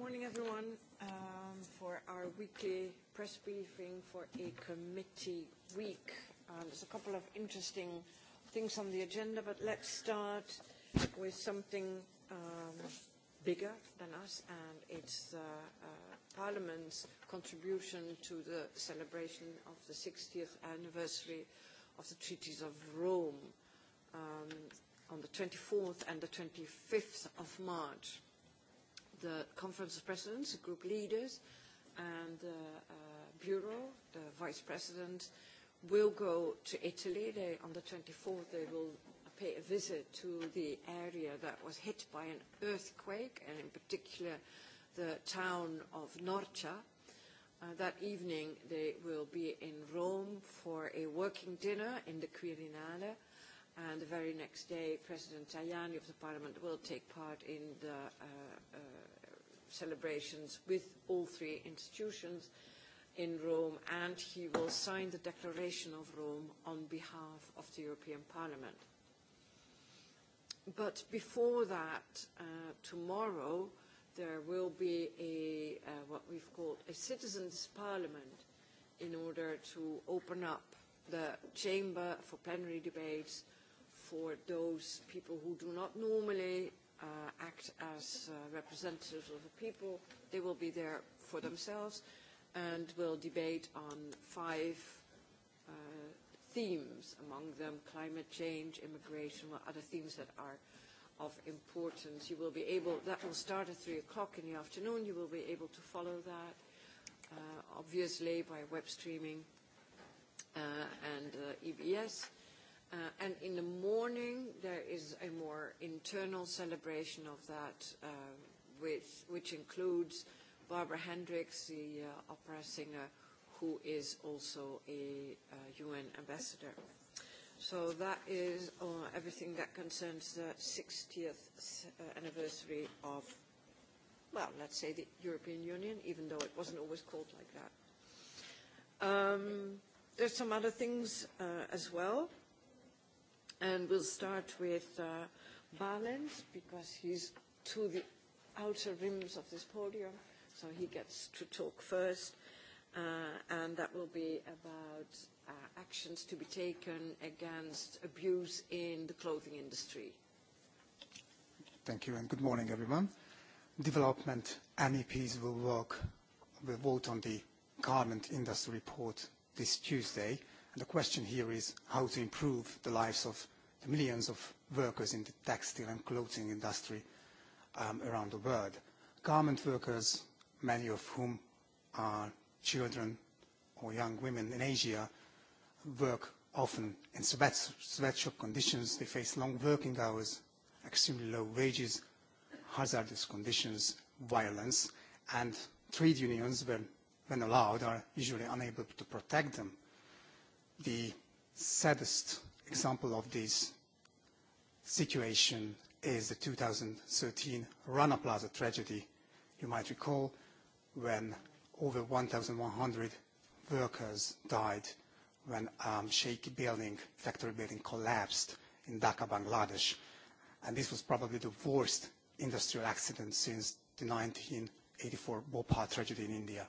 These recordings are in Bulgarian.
morning, everyone, um, for our weekly press briefing for a committee week. Um, there's a couple of interesting things on the agenda, but let's start with something um, bigger than us, and it's uh, uh, Parliament's contribution to the celebration of the 60th anniversary of the Treaties of Rome um, on the 24th and the 25th of March the Conference of Presidents, group leaders, and the uh, Bureau, the Vice President, will go to Italy. They, on the 24th, they will pay a visit to the area that was hit by an earthquake, and in particular the town of Norcia. Uh, that evening, they will be in Rome for a working dinner in the Quirinale and the very next day President Tajani of the Parliament will take part in the celebrations with all three institutions in Rome and he will sign the Declaration of Rome on behalf of the European Parliament. But before that, uh, tomorrow, there will be a, uh, what we've called a citizens' parliament in order to open up the chamber for plenary debates for those people who do not normally uh, act as uh, representatives of the people. They will be there for themselves and will debate on five uh, themes, among them climate change, immigration, or other themes that are of importance. You will be able, that will start at 3 o'clock in the afternoon. You will be able to follow that, uh, obviously, by web streaming uh, and uh, EBS Uh, and in the morning, there is a more internal celebration of that, uh, which, which includes Barbara Hendricks, the uh, opera singer, who is also a uh, UN ambassador. So that is uh, everything that concerns the 60th anniversary of, well, let's say the European Union, even though it wasn't always called like that. Um, there's some other things uh, as well. And we'll start with uh, Balens because he's to the outer rims of this podium, so he gets to talk first. Uh, and that will be about uh, actions to be taken against abuse in the clothing industry. Thank you and good morning everyone. Development MEPs will work, will vote on the garment industry report this Tuesday The question here is how to improve the lives of the millions of workers in the textile and clothing industry um, around the world. Garment workers, many of whom are children or young women in Asia, work often in sweatshop conditions. They face long working hours, extremely low wages, hazardous conditions, violence, and trade unions, when, when allowed, are usually unable to protect them the saddest example of this situation is the 2013 Rana Plaza tragedy. You might recall when over 1,100 workers died when a shaky building, factory building collapsed in Dhaka, Bangladesh. And this was probably the worst industrial accident since the 1984 Bhopal tragedy in India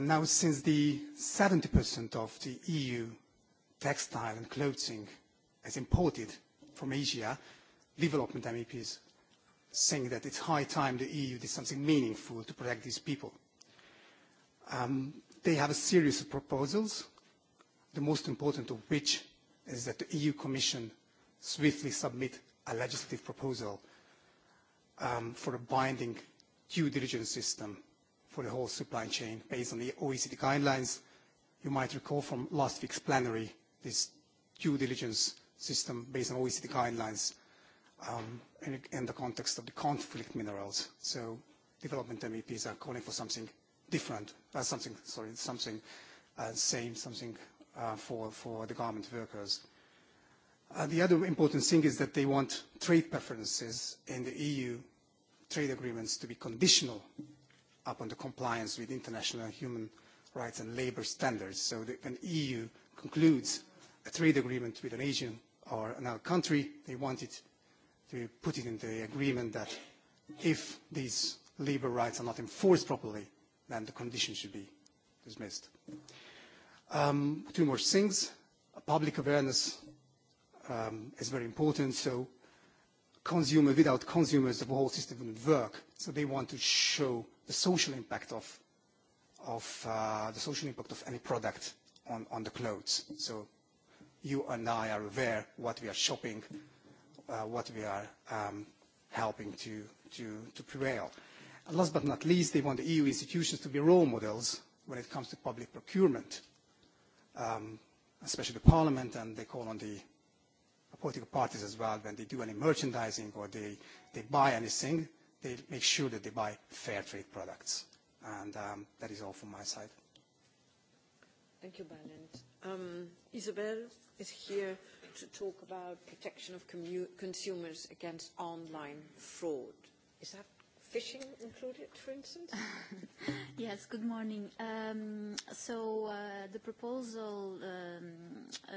now since the 70% of the EU textile and clothing is imported from Asia, development MEPs saying that it's high time the EU did something meaningful to protect these people. they have a series of proposals, the most important of which is that the EU Commission swiftly submit a legislative proposal for a binding due diligence system for the whole supply chain based on the OECD guidelines. You might recall from last week's plenary, this due diligence system based on OECD guidelines um, in, in the context of the conflict minerals. So development MEPs are calling for something different, uh, something, sorry, something uh, same, something uh, for, for the garment workers. Uh, the other important thing is that they want trade preferences in the EU trade agreements to be conditional upon the compliance with international human rights and labor standards. So that when EU concludes a trade agreement with an Asian or another country, they want it to put it in the agreement that if these labor rights are not enforced properly, then the condition should be dismissed. Um, two more things. Public awareness um, is very important. So consumer, without consumers, the whole system wouldn't work. So they want to show the social impact of, of uh, the social impact of any product on, on the clothes. So you and I are aware what we are shopping, uh, what we are um, helping to, to, to prevail. And last but not least, they want the EU institutions to be role models when it comes to public procurement, um, especially Parliament, and they call on the political parties as well when they do any merchandising or they, they buy anything they make sure that they buy fair trade products. And um, that is all from my side. Thank you, Balint. Um, Isabel is here to talk about protection of consumers against online fraud. Is that fishing included, for instance? yes, good morning. Um, so uh, the proposal um, uh,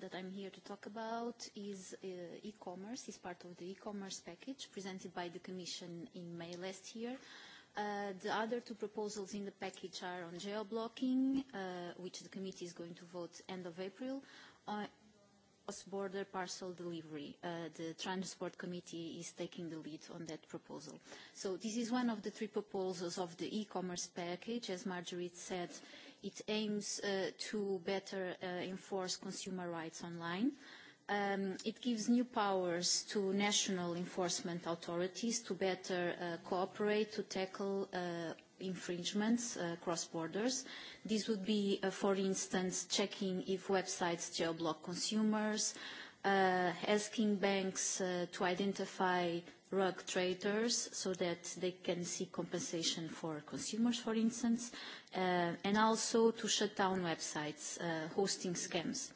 that I'm here to talk about is uh, e-commerce, is part of the e-commerce package presented by the Commission in May last year. Uh, the other two proposals in the package are on geo-blocking, uh, which the committee is going to vote end of April, cross-border parcel delivery. the Transport Committee is taking the lead on that proposal. So this is one of the three proposals of the e-commerce package. As Marjorie said, it aims to better enforce consumer rights online. it gives new powers to national enforcement authorities to better cooperate to tackle infringements uh, cross borders. This would be, uh, for instance, checking if websites geoblock consumers, uh, asking banks uh, to identify rug traders so that they can seek compensation for consumers, for instance, uh, and also to shut down websites uh, hosting scams.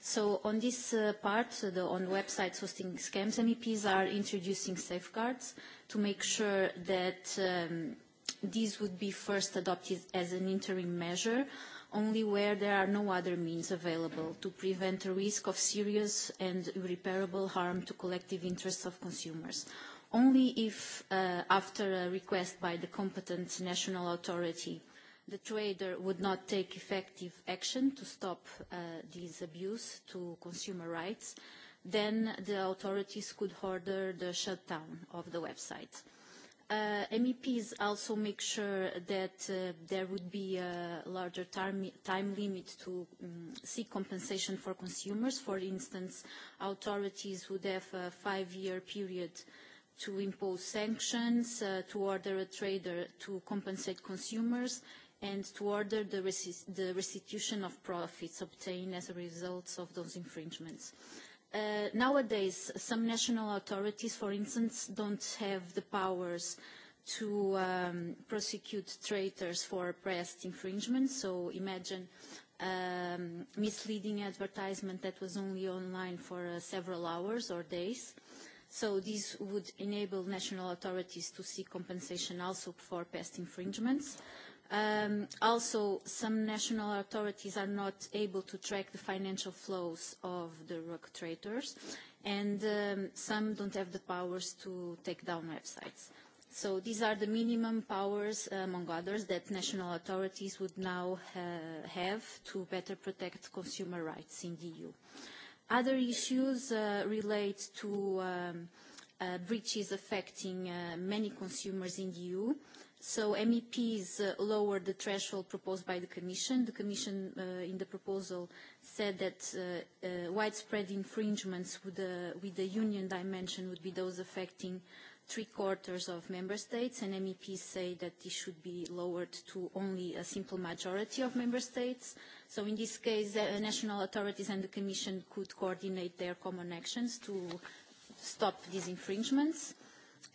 So on this uh, part, the, on websites hosting scams, MEPs are introducing safeguards to make sure that um, This would be first adopted as an interim measure only where there are no other means available to prevent the risk of serious and irreparable harm to collective interests of consumers. Only if, uh, after a request by the competent national authority, the trader would not take effective action to stop uh, this abuse to consumer rights, then the authorities could order the shutdown of the website. MEPs also make sure that there would be a larger time limit to seek compensation for consumers. For instance, authorities would have a five-year period to impose sanctions, to order a trader to compensate consumers, and to order the restitution of profits obtained as a result of those infringements nowadays, some national authorities, for instance, don't have the powers to um, prosecute traitors for press infringement. So imagine um, misleading advertisement that was only online for uh, several hours or days. So this would enable national authorities to seek compensation also for past infringements also, some national authorities are not able to track the financial flows of the rock traders, and um, some don't have the powers to take down websites. So these are the minimum powers, among others, that national authorities would now ha have to better protect consumer rights in the EU. Other issues uh, relate to um, uh, breaches affecting uh, many consumers in the EU, So MEPs uh, lowered the threshold proposed by the Commission. The Commission uh, in the proposal said that uh, uh, widespread infringements with the, with the union dimension would be those affecting three-quarters of member states, and MEPs say that this should be lowered to only a simple majority of member states. So in this case, uh, national authorities and the Commission could coordinate their common actions to stop these infringements. Uh,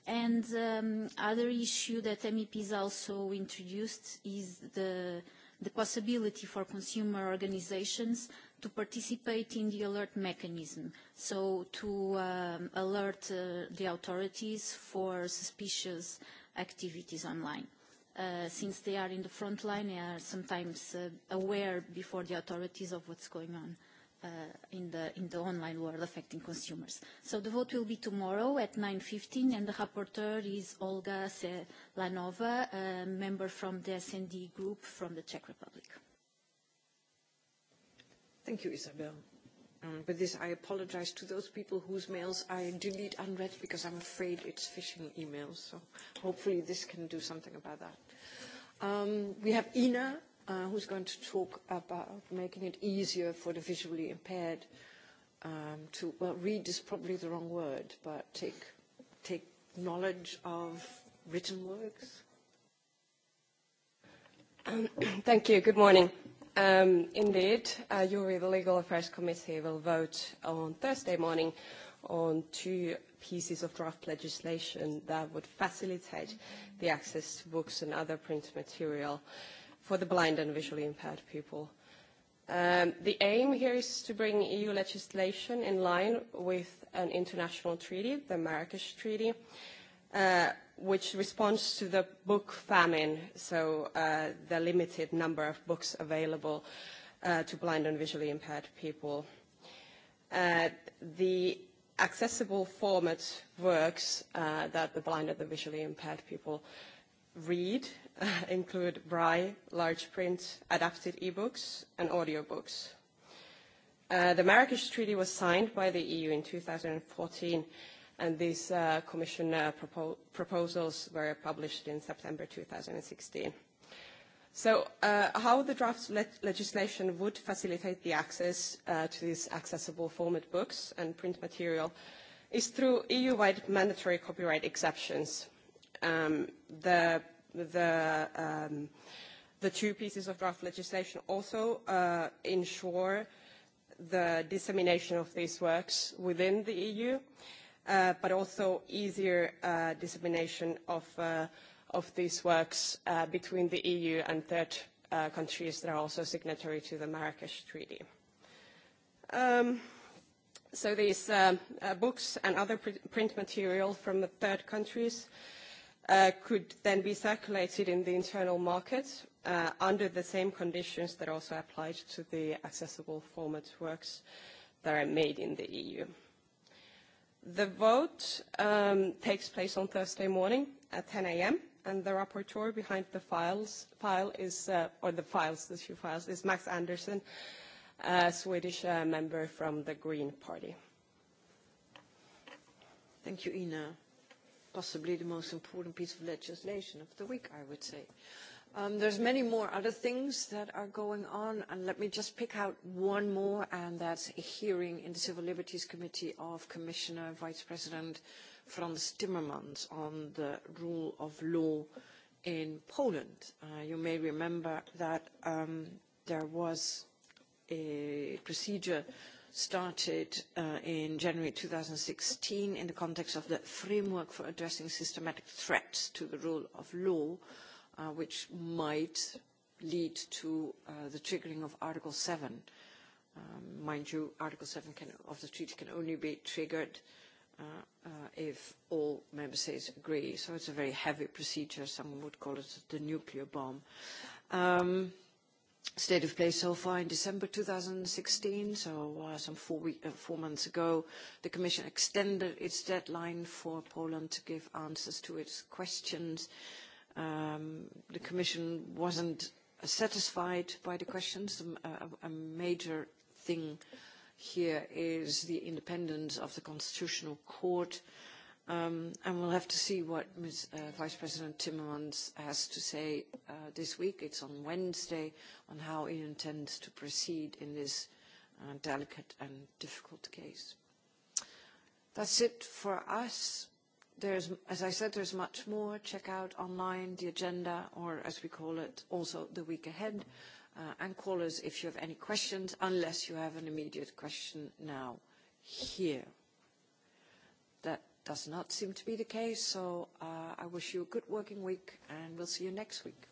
And um, other issue that MEPs also introduced is the, the possibility for consumer organizations to participate in the alert mechanism, so to um, alert uh, the authorities for suspicious activities online. Uh, since they are in the front line, they are sometimes uh, aware before the authorities of what's going on uh, in, the, in the online world affecting consumers. So the vote will be tomorrow at 9.15 and the rapporteur is Olga Selanova, a member from the SND group from the Czech Republic. Thank you, Isabel. Um, with this, I apologize to those people whose mails I delete unread because I'm afraid it's phishing emails. So hopefully this can do something about that. Um, we have Ina uh, who's going to talk about making it easier for the visually impaired um, to, well, read is probably the wrong word, but take, take knowledge of written works? Um, thank you. Good morning. Um, indeed, uh, Yuri, the Legal Affairs Committee, will vote on Thursday morning on two pieces of draft legislation that would facilitate the access to books and other print material uh, for the blind and visually impaired people. Um, the aim here is to bring EU legislation in line with an international treaty, the Marrakesh Treaty, uh, which responds to the book famine, so uh, the limited number of books available uh, to blind and visually impaired people. Uh, the accessible format works uh, that the blind and the visually impaired people read include braille, large print, adapted e-books, and audiobooks. Uh, the Marrakesh Treaty was signed by the EU in 2014, and these uh, Commission uh, propo proposals were published in September 2016. So uh, how the draft le legislation would facilitate the access uh, to these accessible format books and print material is through EU-wide mandatory copyright exceptions. Um, the the um, the two pieces of draft legislation also uh, ensure the dissemination of these works within the EU, uh, but also easier uh, dissemination of uh, of these works uh, between the EU and third uh, countries that are also signatory to the Marrakesh Treaty. Um, so these uh, uh, books and other pr print material from the third countries uh, uh, could then be circulated in the internal market uh, under the same conditions that also applied to the accessible format works that are made in the EU. The vote um, takes place on Thursday morning at 10 a.m. and the rapporteur behind the files file is uh, or the files, the two files is Max Anderson, a Swedish uh, member from the Green Party. Thank you, Ina possibly the most important piece of legislation of the week, I would say. Um, there's many more other things that are going on, and let me just pick out one more, and that's a hearing in the Civil Liberties Committee of Commissioner Vice President Frans Timmermans on the rule of law in Poland. Uh, you may remember that um, there was a procedure started in January 2016 in the context of the framework for addressing systematic threats to the rule of law, which might lead to the triggering of Article 7. mind you, Article 7 can, of the treaty can only be triggered if all member states agree. So it's a very heavy procedure. Someone would call it the nuclear bomb. Um, state of play so far in December 2016, so uh, some four, week, uh, four months ago, the Commission extended its deadline for Poland to give answers to its questions. Um, the Commission wasn't satisfied by the questions. A, a major thing here is the independence of the Constitutional Court. Um, and we'll have to see what Ms. Uh, Vice President Timmermans has to say uh, this week. It's on Wednesday on how he intends to proceed in this uh, delicate and difficult case. That's it for us. There's, as I said, there's much more. Check out online the agenda, or as we call it, also the week ahead. Uh, and call us if you have any questions, unless you have an immediate question now here does not seem to be the case, so uh, I wish you a good working week, and we'll see you next week.